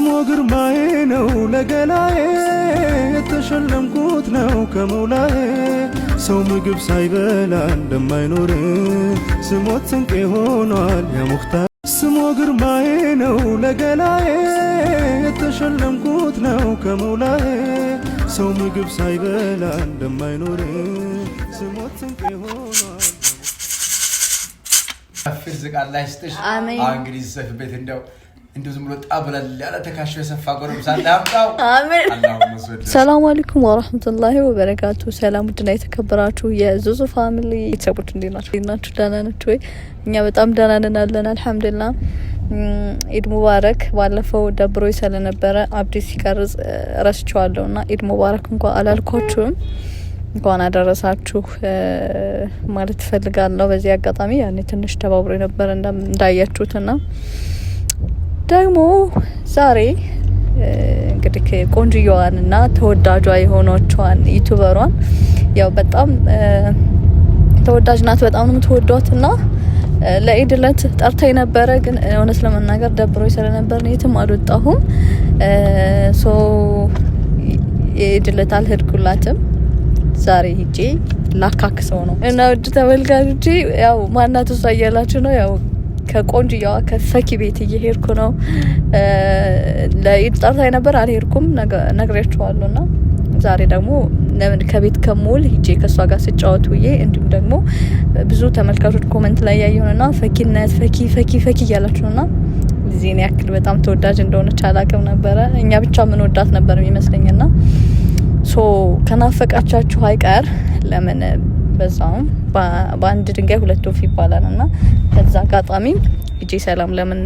ስሞ ግርማዬ ነው ለገላዬ የተሸለምኩት ነው ከመውላዬ ሰው ምግብ ሳይበላ እንደማይኖር ስሞት ስንቅ ሆኗል ያሙክታ ስሞ ግርማዬ ነው ለገላዬ የተሸለምኩት ነው ከመውላዬ ሰው ምግብ ሳይበላ እንደማይኖር ስሞት ስንቅ ሆኗል ፍርዝቃ ስጥሽ እንግዲህ ሰፍ ቤት እንደው እንዲሁ ዝም ብሎ ጣ ያለ ተካሽ የሰፋ ጎረምሳ እንዳያምጣው። ሰላም አለይኩም ወራህመቱላሂ ወበረካቱ። ሰላም ውድና የተከበራችሁ የዙዙ ፋሚሊ ቤተሰቦች እንዴት ናችሁ? እንዴት ናችሁ? ደህና ናችሁ ወይ? እኛ በጣም ደህና ነን አለን አልሐምዱሊላህ። ኢድ ሙባረክ። ባለፈው ደብሮ ስለነበረ አብዲ ሲቀርጽ ረስቸዋለሁ እና ኢድ ሙባረክ እንኳ አላልኳችሁም። እንኳን አደረሳችሁ ማለት ትፈልጋለሁ በዚህ አጋጣሚ ያኔ ትንሽ ተባብሮ የነበረ እንዳያችሁትና ደግሞ ዛሬ እንግዲህ ቆንጅየዋን እና ተወዳጇ የሆነችዋን ዩቱበሯን ያው በጣም ተወዳጅ ናት። በጣም ነው ተወዷት እና ለኢድ ለት ጠርታ የነበረ ግን እውነት ለመናገር ደብሮ ስለነበር ነው የትም አልወጣሁም። ሶ የኢድ ለት አልሄድኩላትም። ዛሬ ሂጄ ላካክሰው ነው እና ውድ ተመልካቾቼ ያው ማናት እሷ እያላችሁ ነው ያው ከቆንጅያዋ ከፈኪ ቤት እየሄድኩ ነው። ለኢድ ጠርታኝ ነበር አልሄድኩም፣ ነግሬያችኋለሁ ና ዛሬ ደግሞ ለምን ከቤት ከሙል ሂጄ ከእሷ ጋር ስጫወት ውዬ እንዲሁም ደግሞ ብዙ ተመልካቾች ኮመንት ላይ ና ፈኪነት ፈኪ ፈኪ ፈኪ እያላችሁ ና ዜን ያክል በጣም ተወዳጅ እንደሆነች አላቅም ነበረ። እኛ ብቻ ምን ወዳት ነበር ይመስለኝና ሶ ከናፈቃቻችሁ አይቀር ለምን በዛውም በአንድ ድንጋይ ሁለት ወፍ ይባላል እና ከዛ አጋጣሚ እጄ ሰላም ለምን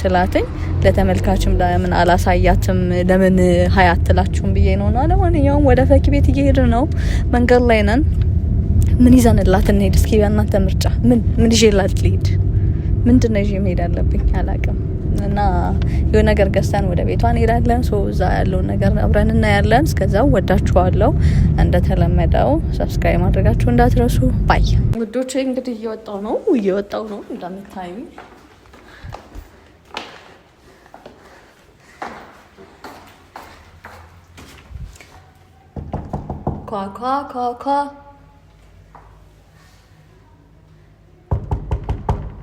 ስላትኝ ለተመልካችም ለምን አላሳያትም ለምን ሀያ አትላችሁም ብዬ ነው። ነውና፣ ለማንኛውም ወደ ፈኪ ቤት እየሄድ ነው። መንገድ ላይ ነን። ምን ይዘንላት እንሄድ? እስኪ በእናንተ ምርጫ ምን ምን ይዤላት ልሄድ? ምንድን ነው ይዤ መሄድ አለብኝ? አላቅም እና የሆነ ነገር ገዝተን ወደ ቤቷ እንሄዳለን። ሶ እዛ ያለውን ነገር አብረን እናያለን። እስከዛው ወዳችኋለሁ። እንደተለመደው ሰብስክራይብ ማድረጋችሁ እንዳትረሱ። ባይ ውዶቼ። እንግዲህ እየወጣው ነው እየወጣው ነው እንደምታዩ ኳኳ ኳኳ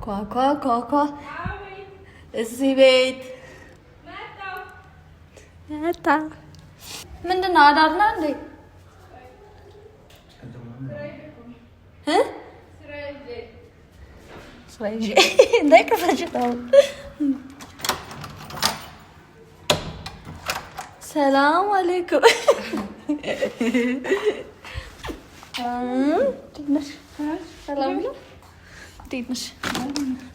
ኳኳ ኳኳ እዚህ ቤት መጣ። ምንድን ነው አዳር ነው እንዴ? ሰላም አለይኩም።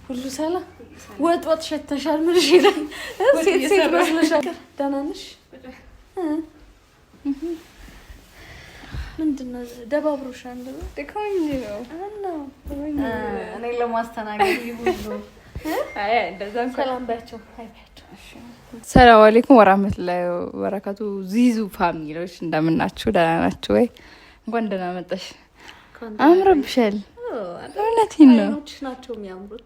ሁሉ ሰላም ወጥ ወጥ ሸተሻል። ምን ይላል? ሴት ሴት መስለሻል። ደህና ነሽ? ምንድን ነው ነው እኔ ለማስተናገድ ሰላም ሰላም አሌይኩም ወራህመቱላሂ ወበረካቱ። ዚዙ ፋሚሊዎች እንደምናችሁ ደህና ናችሁ ወይ? እንኳን ደህና መጣሽ። አምረብሻል። እውነቴን ነው ናቸው የሚያምሩት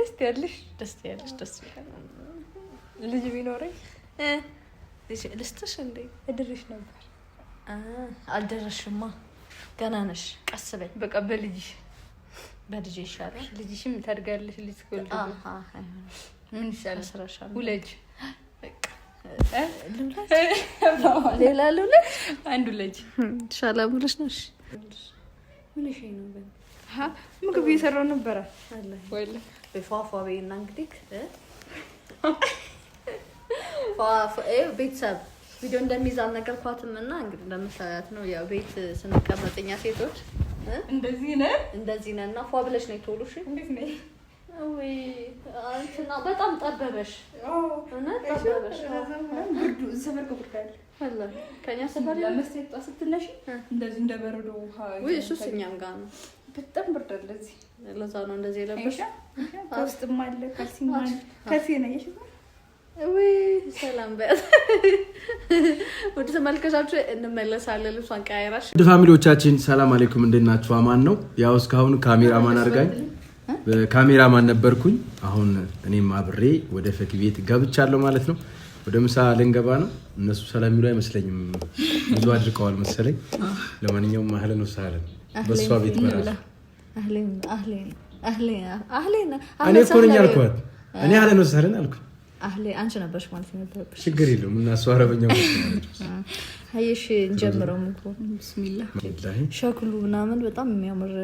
ደስ ያለሽ ደስ ያለሽ ደስ ይላል። ልጅ ቢኖረኝ ልስጥሽ እንዴ እድርሽ ነበር። አልደረሽማ፣ ገና ነሽ። ቀስ በይ በቃ በልጅሽ በልጅ ይሻላል። ልጅሽም ታድጋለሽ። ልጅ ምን ይሻላል? ውለጅ ሌላ ልውለጅ አንዱ ለጅ ሻላ ብለሽ ነሽ። ምን ምግብ እየሰራው ነበረ በፏፏ በይና እንግዲህ ቤተሰብ ቪዲዮ እንደሚይዝ አልነገርኳትም እና እንግዲህ እንደምታያት ነው። ያው ቤት ስንቀመጥ እኛ ሴቶች እንደዚህ ነን እንደዚህ ነን እና ፏ ብለሽ ነው የቶሎ እሺ በጣም ጠበበሽ። እንደ በረዶ ውሃ እኛም ጋር ነው። በጣም ብርድ አለ እዚህ። ለዛ ነው እንደዚህ የለበሽ። ውስጥም አለ ከልሲ ነሽ። ሰላም ወደ ተመልከቻችሁ እንመለሳለን። ልብሷን ቀያይራሽ። ውድ ፋሚሊዎቻችን ሰላም አሌይኩም፣ እንዴት ናችሁ? አማን ነው። ያው እስካሁን ካሜራማን አድርጋኝ ካሜራማን ነበርኩኝ። አሁን እኔም አብሬ ወደ ፈኪ ቤት ገብቻለሁ ማለት ነው። ወደ ምሳ ልንገባ ነው። እነሱ ሰላም ይሉ አይመስለኝም፣ ብዙ አድርቀዋል መሰለኝ። ለማንኛውም አህለን ወሰህለን በእሷ ቤት በራሱ እኔ እኮ ነኝ አልኳት። እኔ አህለን ወሰህለን አልኩ። አንቺ ነበርሽ ማለት ነበር። ችግር የለም እና እሱ አረበኛ ሀይሽ እንጀምረው ምግቡ ብስሚላ ሸክሉ ምናምን በጣም የሚያምር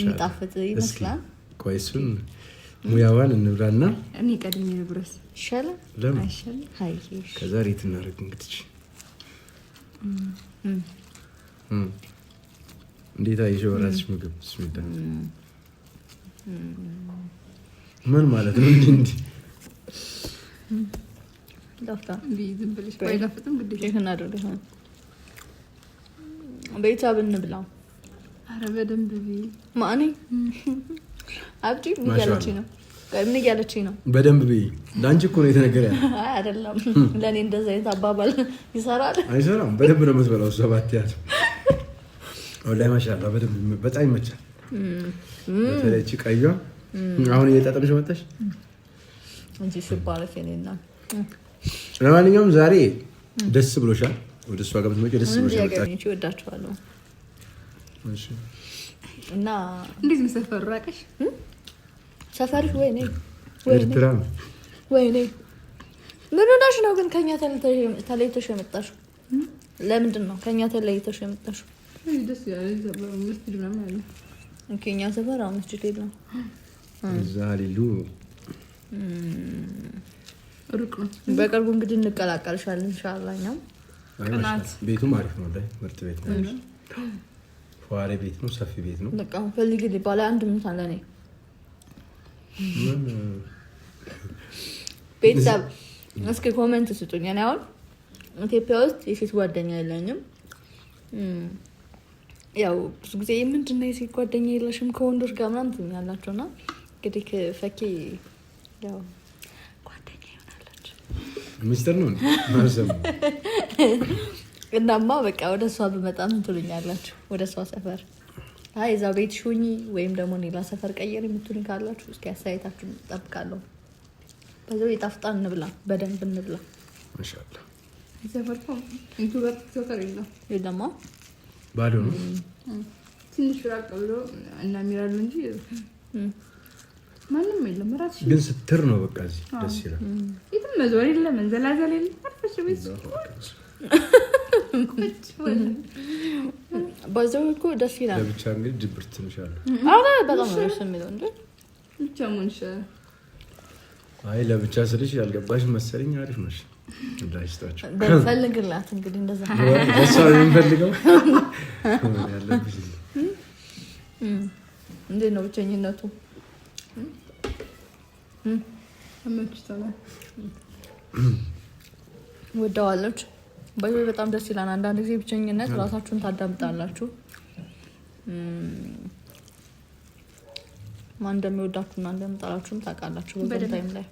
የሚጣፍጥ ይመስላል። ቆይ እሱን ሙያዋን እንብላና እኔ ቀድሜ ልጉረስ ይሻላል። ለምን ከዛ ሬት እናደርግ እንግዲህ እንዴት አየሽ? በራስሽ ምግብ ስሚዳ ምን ማለት ነው? እንዲህ ቤታ ብንብላ ኧረ በደንብ ማኔ አብጂ ምን ነው ምን ነው? በደንብ ብዬ ለአንቺ እኮ ነው የተነገረ። አይደለም ለእኔ እንደዚ አይነት አባባል ይሰራል አይሰራም? በደንብ ነው የምትበላው። ሰባት ያለ ላይ ማሻላ በደንብ በጣም ይመቻል። በተለይ ቀዩ አሁን እየጠጠምሽ መጣሽ እንጂ ኔና። ለማንኛውም ዛሬ ደስ ብሎሻል። ወደ እሷ ጋር ብትመጪ ደስ ብሎሻል። ወዳችኋለሁ እና እንዴት ሰፈሩ ራቀሽ? ሰፈርሽ ወይኔ ኤርትራ ወይኔ ምን ሆነሽ ነው ግን ከኛ ተለይተሽ የመጣሽው? ለምንድን ነው ከኛ ተለይተሽ የመጣሽው? እኛ ሰፈር አሁን መስጂድ የለም። እዛ ሌሉ በቅርቡ እንግዲህ እንቀላቀልሻለን ኢንሻላህ። እኛም ቤቱም አሪፍ ነው። ላይ ምርጥ ቤት ነው። ሸዋሬ ቤት ነው። ሰፊ ቤት ነው። በቃ ፈልጊልኝ ባለ አንድ ምንት አለ ቤተሰብ እስኪ ኮመንት ስጡኝ። እኔ አሁን ኢትዮጵያ ውስጥ የሴት ጓደኛ የለኝም። ያው ብዙ ጊዜ ምንድነው የሴት ጓደኛ የለሽም ከወንዶች ጋር ምናምን ትኛላቸው እና እንግዲህ ፈኪ ያው ጓደኛ ይሆናለች። ሚስጥር ነው እናማ በቃ ወደ እሷ ብመጣ ምን ትሉኛላችሁ? ወደ እሷ ሰፈር አይ እዛ ቤት ሹኝ ወይም ደግሞ ሌላ ሰፈር ቀየር የምትሉ ካላችሁ እስኪ አስተያየታችሁ ጠብቃለሁ። በዚ የጣፍጣ እንብላ፣ በደንብ እንብላ። ይለማ ባዶ ነው ትንሽ ራቅ ብሎ እና እንጂ ማንም የለም። ራሱ ግን ስትር ነው በቃ እዚህ ደስ ይላል። የትም መዞር የለ መንዘላዘል የለ ባዘው እኮ ደስ ይላል። ለብቻ እንግዲህ ድብር ትንሽ አለ። አረ በጣም ነው የሚለው እንዴ ብቻ ሙንሽ። አይ ለብቻ ስልሽ ያልገባሽ መሰለኝ። አሪፍ ነሽ። እንዳይስታችሁ በፈልግላት እንግዲህ እንደዛ ነው የምንፈልገው ያለብሽ እንዴት ነው ብቸኝነቱ? ወደዋለች በይ በጣም ደስ ይላል። አንዳንድ ጊዜ ብቸኝነት ራሳችሁን ታዳምጣላችሁ። ማን እንደሚወዳችሁና እንደምጠላችሁም ታውቃላችሁ በዛ ታይም ላይ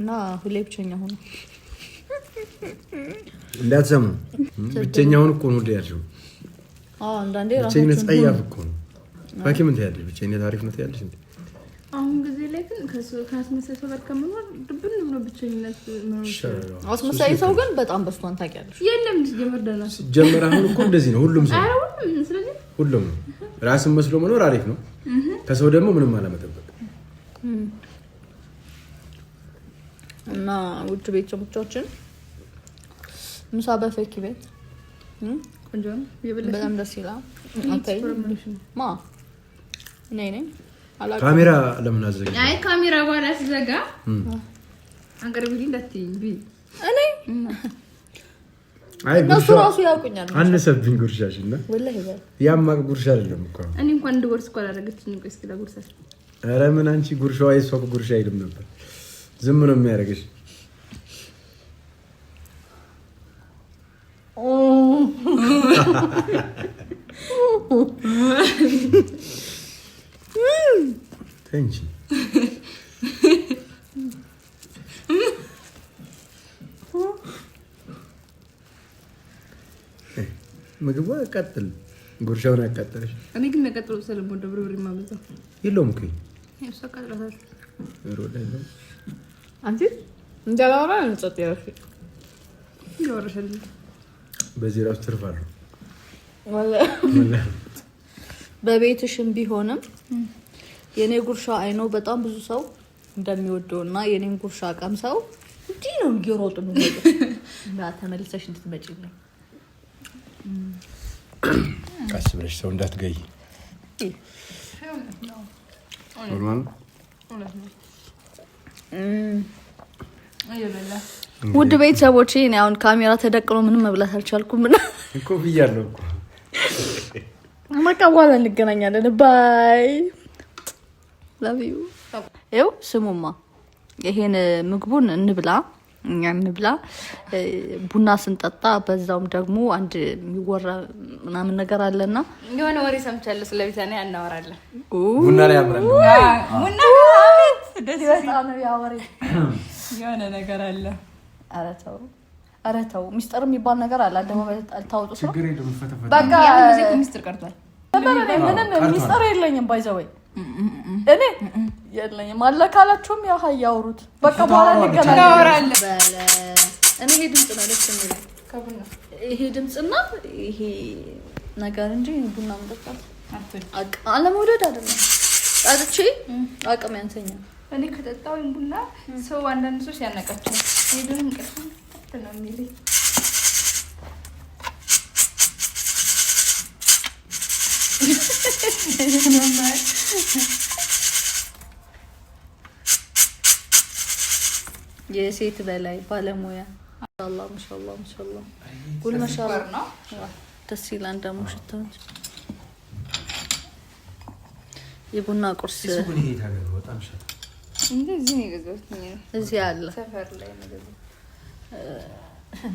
እና ሁሌ ብቸኛ ሆኑ እንዳትሰሙ። ብቸኛ ሆኑ እኮ ነው ያልሽው። አንዳንዴ ብቸኝነት ጸያፍ እኮ ነው። ባኪ ምን ትያለሽ? ብቸኝነት አሪፍ ነው ትያለሽ? ከአስመሳይ ሰው ጋር አስመሳይ ሰው ግን በጣም በስቷን ታውቂያለሽ። ጀምር። አሁን እኮ እንደዚህ ነው ሁሉም ሁሉም ነው። ራስን መስሎ መኖር አሪፍ ነው። ከሰው ደግሞ ምንም አለመጠበቅ እና ውድ ቤተሰቦቻችን ምሳ በፈኪ ቤት በጣም ደስ ይላል። እኔ ነኝ ካሜራ ለምን አዘጋ? አይ ካሜራ በኋላ ሲዘጋ አገር ቢል እንዳትይኝ ቢል እኔ አይ እነሱ ራሱ ያውቁኛል። አነሰብኝ ጉርሻሽ እና ወላሂ ያማቅ ጉርሻ አይደለም እኮ እኔ እንኳን እንድወርስ እኮ አላደረገችኝም። ቆይ እስኪ ለጉርሻሽ ኧረ ምን አንቺ ጉርሻዋ የእሷ ጉርሻ አይልም ነበር። ዝም ነው የሚያደርግሽ እንጂ eh, ምግቡ አቃጥል፣ ጉርሻውን አቃጠለሽ። እኔ ግን ነቀጥሎ ስለምወደው ብርብሬ የማበዛው የለውም እኮ በዚህ ራሱ ትርፍ አለው በቤትሽም ቢሆንም የእኔ ጉርሻ አይኖ በጣም ብዙ ሰው እንደሚወደው እና የእኔን ጉርሻ ቀምሰው እንዲህ ነው እየሮጡ ተመልሰሽ እንድትመጪልኝ ቀስ ብለሽ ሰው እንዳትገይ። ውድ ቤተሰቦች እኔ አሁን ካሜራ ተደቅኖ ምንም መብላት አልቻልኩም እኮ ብያለሁ። በቃ በኋላ እንገናኛለን ባይ ይኸው ስሙማ፣ ይሄን ምግቡን እንብላ እኛ እንብላ ቡና ስንጠጣ በዛውም ደግሞ አንድ የሚወራ ምናምን ነገር አለና የሆነ ወሬ ሰምቻለሁ። ስለ ቤታ ነው ቡና ላይ አብረን የሆነ ነገር አለ። ኧረ ተው፣ ኧረ ተው። ሚስጥር የሚባል ነገር አለ። አደባባይ አልታወጡ ስለ በቃ ሚስጥር ቀርቷል። ምንም ሚስጥር የለኝም ባይዘወይ እኔ የለኝም። አለ ያህ ያው ያውሩት። በቃ በኋላ እንገናኛለን። ይሄ ድምፅ ነው ደስ የሚለኝ ይሄ ድምፅና ይሄ ነገር እንጂ ቡና መጠጣት አለመውደድ አይደለም። ጠጥቼ አቅም ያንሰኛል። እኔ ከጠጣሁ ቡና ሰው አንዳንድ ሰው ሲያነቃቸው ይሄ ደግሞ ነው የሚለኝ የሴት በላይ ባለሙያ ማሻላ ማሻላ ማሻላ ጉል ማሻላ ደስ ይላል። ደግሞ ሽታዎች የቡና ቁርስ እዚህ አለ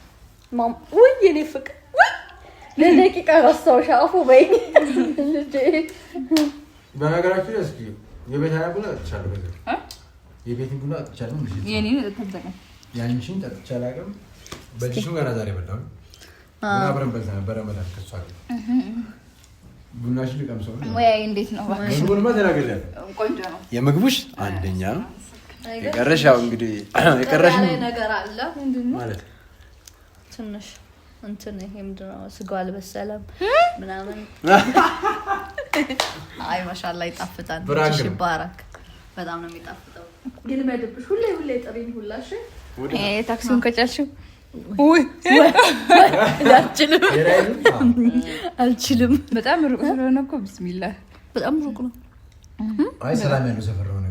ማም ውይ የኔ ፍቅር ወይ ለደቂቃ ረሳሁሽ። አፉ በይ ልጄ። በነገራችሁ እስኪ የቤት ሀያ ቡና ጠጥቻለሁ። የቤት ቡና ጠጥቻለሁ። ያንቺን ጠጥቻለሁ አቅም በጅሽ ገና ዛሬ በላሁ። አብረን በዛ ነበረ መላክ ከሷ ቡናሽ ልቀምሰው እንዴት ነው? ቆንጆ ነው የምግቡሽ አንደኛ ነው። የቀረሽ ያው እንግዲህ የቀረሽ ነገር አለ ማለት ነው ትንሽ እንትን ይሄ ምንድን ነው ስጋው አልበሰለም ምናምን። አይ ማሻላ ይጣፍጣል። ትንሽ ይባረክ። በጣም ነው የሚጣፍጠው። ይልመድብሽ። ሁሌ ሁሌ ጥሪኝ ሁላሽ ታክሲውን ከጫልሽው አልችልም አልችልም። በጣም ሩቅ ስለሆነ እኮ ቢስሚላህ፣ በጣም ሩቅ ነው። አይ ሰላም ያለው ሰፈር ነው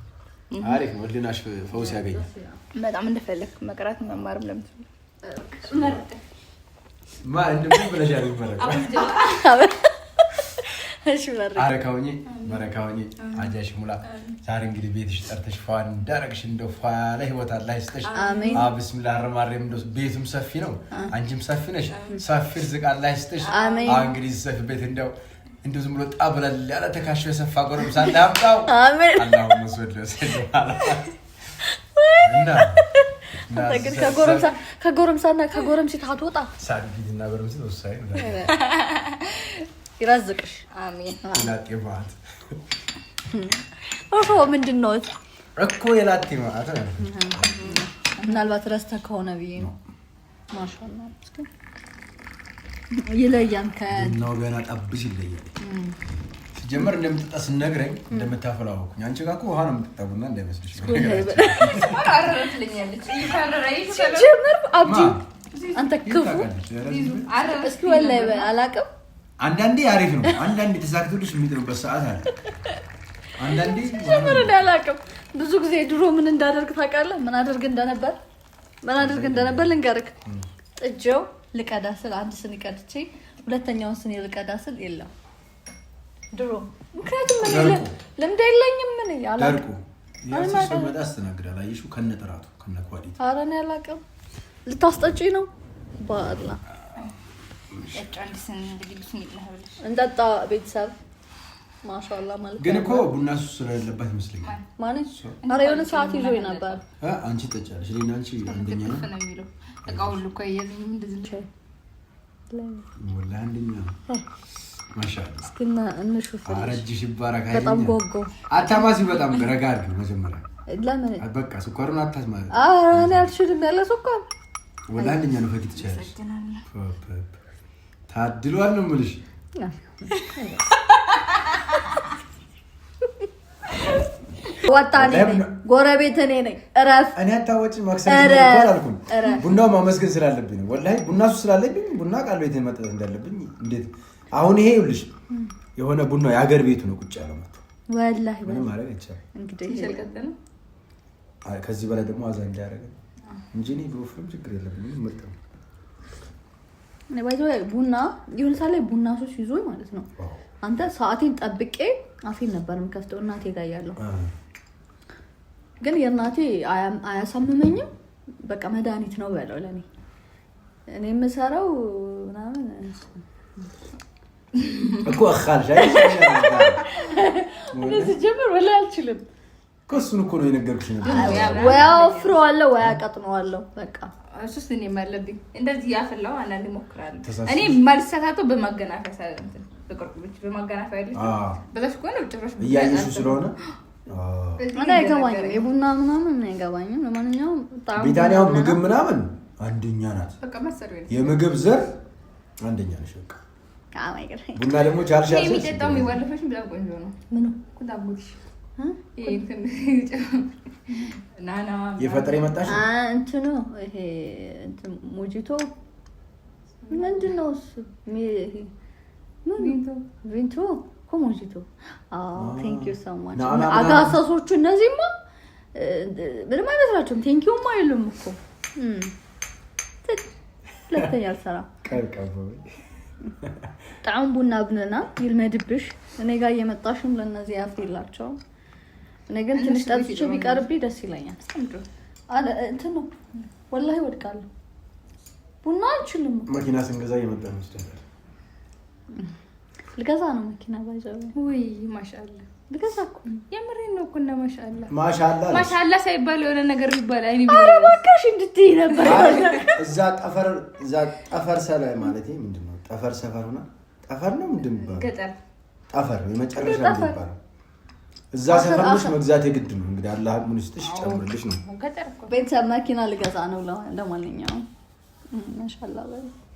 አሪፍ ነው። ህሊናሽ ፈውስ ያገኛል። በጣም እንደፈለግ መቅራት መማርም ለምትችል አረካውኝ አጃሽ ሙላ። ዛሬ እንግዲህ ቤትሽ ጠርተሽ ፏ እንዳረግሽ እንደ ፏ ላይ ህይወት አላ ይስጠሽ። ብስሚላ ረማሬም እንደ ቤቱም ሰፊ ነው፣ አንቺም ሰፊ ነሽ። ሰፊ ርዝቅ አላ ይስጠሽ። እንግዲህ ሰፊ ቤት እንደው እንደ ዝም ብሎ ጣብላል ያለ ተካሽ የሰፋ ጎረምሳ እንዳምጣው አሜን። አላሁን ወደ ከጎረምሳና ከጎረምሲት አትወጣ ሳድጊትና ጎረምሲት ወሳኝ ይራዝቅሽ። አሜን። ላጤ ኦሆ ምንድን ነው እኮ የላጤ ማለት ምናልባት ረስተ ከሆነ ብዬ ነው። ማሻአላህ ይለያል። ከቡናው ገና ጠብስ ይለያል። ሲጀመር እንደምትጠጣ ስነግረኝ እንደምታፈላው አንቺ ጋር እኮ ውሃ ነው የምትጠጣው፣ ቡና እንዳይመስልሽ። ሲጀመር አብዲ አንተ ክፉ እስኪ ወላሂ አላውቅም። አንዳንዴ አሪፍ ነው፣ አንዳንዴ ተሳክቶልሽ የሚጥሩበት ሰዓት አለ። አንዳንዴ ሲጀመር እኔ አላውቅም። ብዙ ጊዜ ድሮ ምን እንዳደርግ ታውቃለህ? ምን አደርግ እንደነበር ምን አደርግ እንደነበር ልንገርህ ጥጀው ልቀዳ ስል አንድ ስኒ ቀድቼ ሁለተኛውን ስኒ ልቀዳ ስል የለም ድሮ። ምክንያቱም ልምድ የለኝም። ምን ያላቁ ሲመጣ ያስተናግዳል። አየሽው፣ ከነ ጥራቱ ከነ ኳሊቲ። ኧረ እኔ አላውቅም። ነው ባላ እንጠጣ ቤተሰብ ማሻላ ግን እኮ ቡና ሱስ ስለሌለባት ይመስለኛል። ማለት ኧረ የሆነ ሰዓት ነበር። አንቺ ጠጫለሽ፣ እኔና አንቺ አንደኛ ነው። አንደኛ ነው። በጣም ረጋ መጀመሪያ። ስኳሩን ያለ ስኳር አንደኛ ነው። ታድሏል ነው የምልሽ ወጣ እኔ ነኝ፣ ጎረቤት እኔ ነኝ። እረፍ። እኔ ማክሰኞ አልኩኝ። ቡናው ማመስገን ስላለብኝ ነው። ወላሂ ቡና እሱ ስላለብኝ ቡና ቃል ቤት መጠጥ እንዳለብኝ እንዴት አሁን ይሄ ይኸውልሽ፣ የሆነ ቡና ቤቱ ነው ቁጭ ያለው መጥቶ ወላሂ ምንም ማድረግ አይቻልም። ከዚህ በላይ ደግሞ አዛ እንዳያደረገ እንጂ እኔ ብወፍርም ችግር የለብኝም። ምርጥ ነው። ቡና የሆነ ሰዓት ላይ ቡና ሶስ ይዞኝ ማለት ነው። አንተ ሰዓቴን ጠብቄ አፌን ነበር የምከፍተው እናቴ ጋር እያለሁ ግን የእናቴ አያሳምመኝም። በቃ መድኃኒት ነው በለው ለእኔ እኔ የምሰራው ምናምን እኮ ጀምር ወላ አልችልም። ከሱን እኮ ነው የነገርኩሽ። ወይ አወፍረዋለሁ ወይ አቀጥነዋለሁ። በቃ ሱስ እኔ ማለብኝ እንደዚህ ያፈላው አንዳንድ እሞክራለሁ። እኔ ማልሳሳተው በማገናፈያ በማገናፈያ ስለሆነ እኔ አይገባኝም፣ የቡና ምናምን አይገባኝም። ለማንኛውም ቢታንያ ምግብ ምናምን አንደኛ ናት፣ የምግብ ዘር አንደኛ ነች። በቃ ቡና ደግሞ ቻልሽ የፈጠረ የመጣሽ እንትኑ ይሄ ሞጂቶ ምንድን ነው እሱ? ቪንቶ ኮሞጂቶ ቴንኪዩ ሰማች። አጋሳሶቹ እነዚህማ ምንም አይመስላችሁም። ቴንኪዩማ አይሉም እኮ ሁለተኛ አልሰራም። ጣም ቡና ብንና ይልመድብሽ። እኔ ጋር እየመጣሽም ለእነዚህ ያፍ የላቸው። እኔ ግን ትንሽ ጠጥቼ ቢቀርብ ደስ ይለኛል። እንትን ነው ወላሂ እወድቃለሁ። ቡና አልችልም። መኪና ስንገዛ እየመጣ ነው ልገዛ ነው መኪና ባይዘ ውይ ማሻላ ልገዛ እኮ የምሬ ነው እኮ እና ማሻላ ማሻላ ማሻላ ሳይባል የሆነ ነገር ይባል። አይ ኧረ እባክሽ እንድትይ ነበር። እዛ ጠፈር እዛ ጠፈር ሰላይ ማለት ምንድን ነው? ጠፈር ሰፈር ሆና ጠፈር ነው ምንድን ነው? ገጠር ጠፈር የመጨረሻ ይባላል። እዛ ሰፈርሽ መግዛት የግድ ነው እንግዲህ። አላህ ምን ውስጥሽ ጨምርልሽ ነው። ቤተሰብ መኪና ልገዛ ነው ለማንኛውም ማሻላ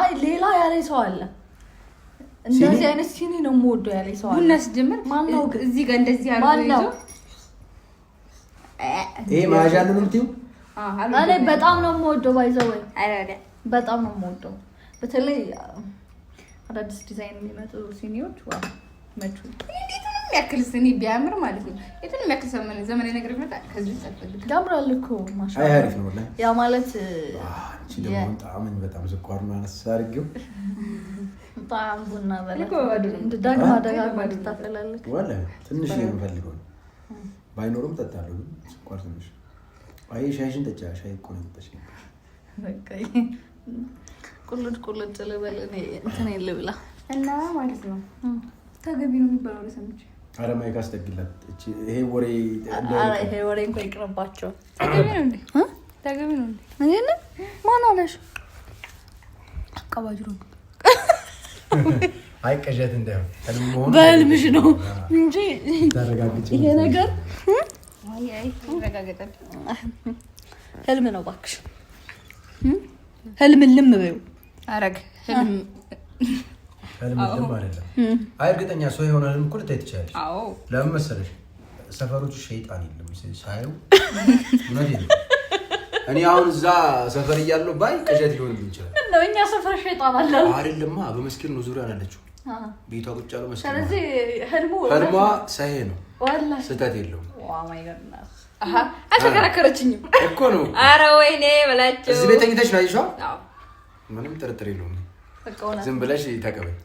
አይ ሌላ ያለኝ ሰው አለ። እንደዚህ አይነት ሲኒ ነው የምወደው ያለኝ ሰው አለ። ቡናስ ጀምር ማነው? እዚህ ጋር እንደዚህ ያለው ነው። ይሄ ማጃ ነው የምትይው? እኔ በጣም ነው የምወደው። ባይዘው ወይ በጣም ነው የምወደው። በተለይ አዳዲስ ዲዛይን የሚመጡ ሲኒዎች ዋ መቹ እንዴት የትንም ያክል ስኒ ቢያምር ማለት ነው። የትንም ያክል ዘመናዊ ነገር ቢመጣ ከዚህ ጸፈልግ ያምራል እኮ አሪፍ ነው። ያ ማለት እቺ ደግሞ በጣም በጣም ስኳር ነው አነሳ አድርጌው በጣም ቡና በዳግማ ደጋግማ እንድታፈላልግ ትንሽ የምፈልገው ባይኖርም ጠጣለሁ፣ ግን ስኳር ትንሽ። አይ ሻይሽን ጠጪ፣ ሻይ እኮ ነው የምጠጪ። ቁልጭ ቁልጭ ልበል እንትን የለ ብላ እና ማለት ነው ተገቢ ነው የሚባለው ለሰምቼ አረማዊ ካስደግላት ይሄ ወሬ ይሄ ወሬ እንኳ ይቅርባቸው። ተገቢ ነው እንዴ? ተገቢ ነው እንዴ? ማን አለሽ? አቀባጅሮ አይ በህልምሽ ነው እንጂ ይሄ ነገር ህልም ነው እባክሽ። ህልምን ልም በይው አረግ ህልም ህልምም አይደለም። አይ እርግጠኛ ሰው የሆነ ህልም እኮ ልታይ ለምን መሰለሽ ሸይጣን የለም ሳየው እውነት እኔ አሁን እዛ ሰፈር እያለሁ ባይ ቅዠት ሊሆን ይችላል። እኛ ሰፈር ሸይጣን አለ አይደለማ። በመስኪን ነው ዙሪያ ያለችው ቤቷ ቁጭ ያለው መስኪን። ስለዚህ ህልሟ ነው፣ ስህተት የለውም። አልተከራከረችኝም እኮ ነው። ኧረ ወይኔ በላቸው። እዚህ ምንም ጥርጥር የለውም። ዝም ብለሽ ተቀበይ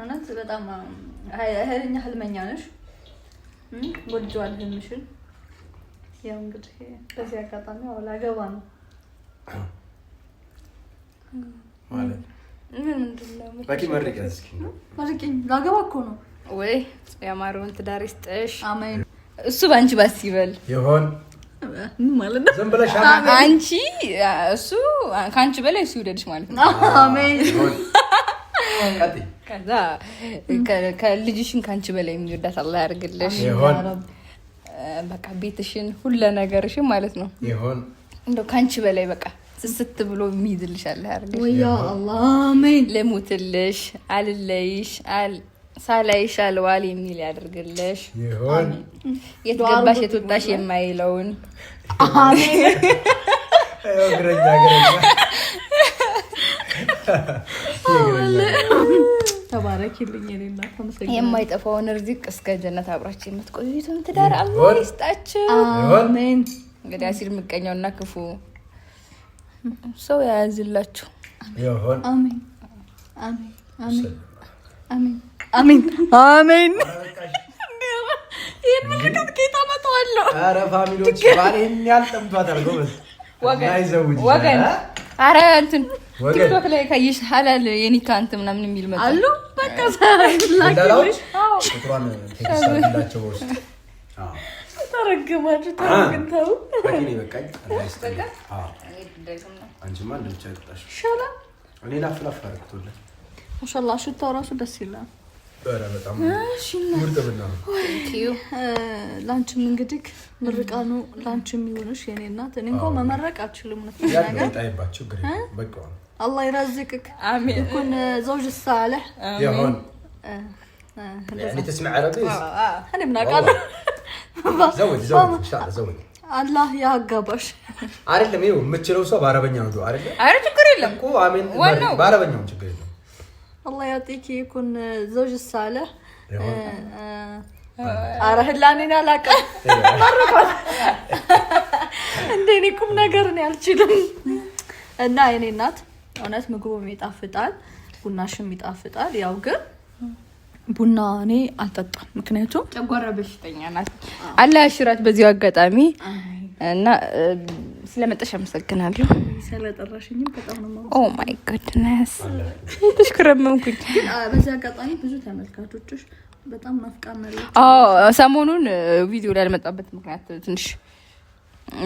እውነት በጣም ኃይለኛ ህልመኛ ነሽ። ወድጀዋል ህልምሽን። ያው እንግዲህ በዚህ አጋጣሚ ያው ላገባ ነው ማለት መርቂኝ፣ ላገባ እኮ ነው ወይ? ያማረውን ትዳር ይስጥሽ። አሜን። እሱ በአንቺ ባስ ይበል ይሆን ማለት ነው። አንቺ እሱ ከአንቺ በላይ እሱ ይውደድሽ ማለት ነው። አሜን ከዛ ከልጅሽን ከአንቺ በላይ የሚወዳት አላህ ያድርግልሽ። በቃ ቤትሽን ሁለ ነገርሽን ማለት ነው እንደ ከአንቺ በላይ በቃ ስስት ብሎ የሚይዝልሽ አላህ ያድርግልሽ። ልሙትልሽ አልለይሽ ሳላይሽ አልዋል የሚል ያደርግልሽ። የት ገባሽ የት ወጣሽ የማይለውን ተባረኪልኝ የማይጠፋውን ርዚቅ እስከ ጀነት አብራችሁ የምትቆዩትን ትዳር አላህ ይስጣችሁ። አሜን። እንግዲህ አሲድ ምቀኛውና ክፉ ሰው ያያዝላችሁ። አሜን አሜን አሜን። ይህን ምልክት ጌታ መተዋለሁ። ኧረ ፋሚሊዎች ባሌን ያልጠምቷታል ጎበዝ ወገን። ኧረ እንትን ቲክቶክ ላይ ካየሽ ሀላል የኒካ እንትን ምናምን የሚል መጣ አሉ። በቃ ተረግማችሁ ተረግተው ማሻላ ሽታው ራሱ ደስ ይላል። ላንቺም እንግዲህ ምርቃኑ ላንቺ የሚሆንሽ የኔ እናት። እኔ እንኳን መመረቅ አልችልም። አላህ ይራዝቅክ ይኩን ዘውጅ ሳልሕ። አላህ ያጋባሽ። አይደለም ይኸው የምችለው ሰው በአረበኛ ነው። አይደለም ችግር የለም። ችግር የለም الله يعطيك يكون زوج الصالح አረህላኔን አላውቅም። መርቋል እንደ እኔ ቁም ነገር ነው ያልችልም። እና የኔ እናት እውነት ምግቡም ይጣፍጣል፣ ቡናሽም ይጣፍጣል። ያው ግን ቡና እኔ አልጠጣም፣ ምክንያቱም ጨጓራ በሽተኛ ናት። አላህ ያሽራት በዚሁ አጋጣሚ እና ስለመጣሽ አመሰግናለሁ። ስለጠራሽኝም በጣም ነው። ኦ ማይ ጎድነስ ተሽከረመምኩኝ። በዚህ አጋጣሚ ብዙ ተመልካቾች በጣም ናፍቃ ሰሞኑን ቪዲዮ ላይ ያልመጣበት ምክንያት ትንሽ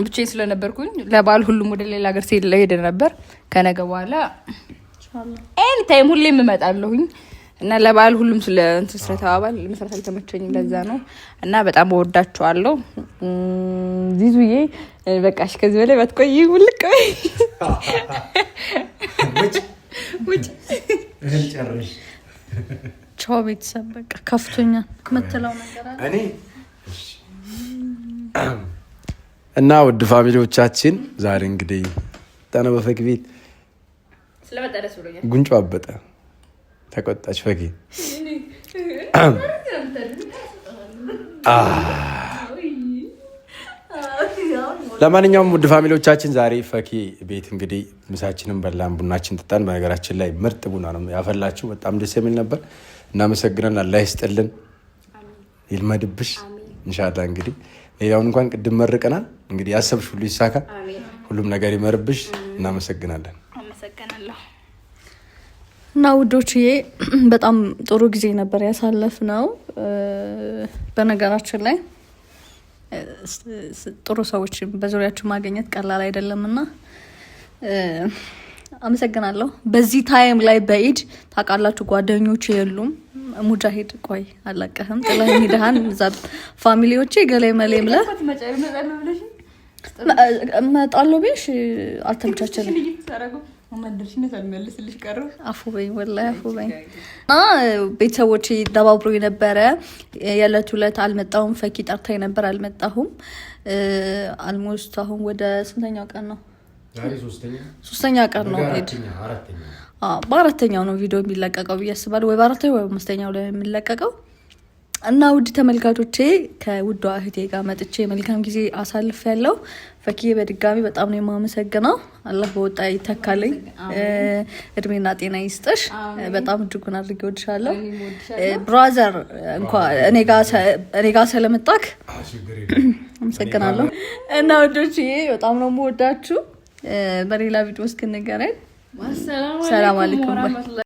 ብቻዬን ስለነበርኩኝ ለበዓል ሁሉም ወደ ሌላ ሀገር ሲሄድ ሄደ ነበር። ከነገ በኋላ ታይም ሁሌም እመጣለሁኝ። እና ለበዓል ሁሉም ስለእንትን ስለተባባል መስራት አልተመቸኝም። ለዛ ነው እና በጣም እወዳቸዋለሁ። ዚዙዬ በቃሽ፣ ከዚህ በላይ ባትቆይ ውልቅ በይ ቻው ቤተሰብ። በቃ ከፍቶኛል ምትለው ነገር አለ እና ውድ ፋሚሊዎቻችን ዛሬ እንግዲህ ጠነ በፈክ ጉንጮ አበጠ ተቆጣች ፈጌ። ለማንኛውም ውድ ፋሚሊዎቻችን ዛሬ ፈኪ ቤት እንግዲህ ምሳችንን በላን፣ ቡናችን ጥጠን። በነገራችን ላይ ምርጥ ቡና ነው ያፈላችሁ፣ በጣም ደስ የሚል ነበር። እናመሰግናለን። አላህ ይስጥልን፣ ይልመድብሽ። እንሻላ እንግዲህ ሌላውን እንኳን ቅድም መርቀናል። እንግዲህ ያሰብሽ ሁሉ ይሳካ፣ ሁሉም ነገር ይመርብሽ። እናመሰግናለን። እና ውዶችዬ በጣም ጥሩ ጊዜ ነበር ያሳለፍ ነው። በነገራችን ላይ ጥሩ ሰዎች በዙሪያችሁ ማግኘት ቀላል አይደለም እና አመሰግናለሁ። በዚህ ታይም ላይ በኢድ ታውቃላችሁ ጓደኞች የሉም። ሙጃሂድ ቆይ አላቀህም ጥለህ ሂደሃን እዛ ፋሚሊዎች ገላይ መሌም ለ መጣሎ ቤሽ አልተመቻቸንም። አፉ በይ ወላሂ አፉ በይ ቤተሰቦች ደባብሮ የነበረ የዕለት ሁለት አልመጣሁም። ፈኪ ጠርታ ነበር አልመጣሁም። አልሞስት አሁን ወደ ስንተኛው ቀን ነው? ሶስተኛ ቀን ነው። ሄድ በአራተኛው ነው ቪዲዮ የሚለቀቀው ብዬ አስባለሁ። ወይ በአራተኛው ወይ በአምስተኛው ላይ የሚለቀቀው እና ውድ ተመልካቾቼ ከውዷ እህቴ ጋር መጥቼ መልካም ጊዜ አሳልፍ ያለው ፈኪዬ በድጋሚ በጣም ነው የማመሰግነው። አላህ በወጣ ይተካልኝ፣ እድሜና ጤና ይስጥሽ። በጣም እጅጉን አድርጌ ወድሻለሁ ብራዘር። እንኳ እኔ ጋር ስለመጣክ አመሰግናለሁ። እና ወዶች በጣም ነው የምወዳችሁ። በሌላ ቪዲዮ እስክንገናኝ ሰላም አለይኩም።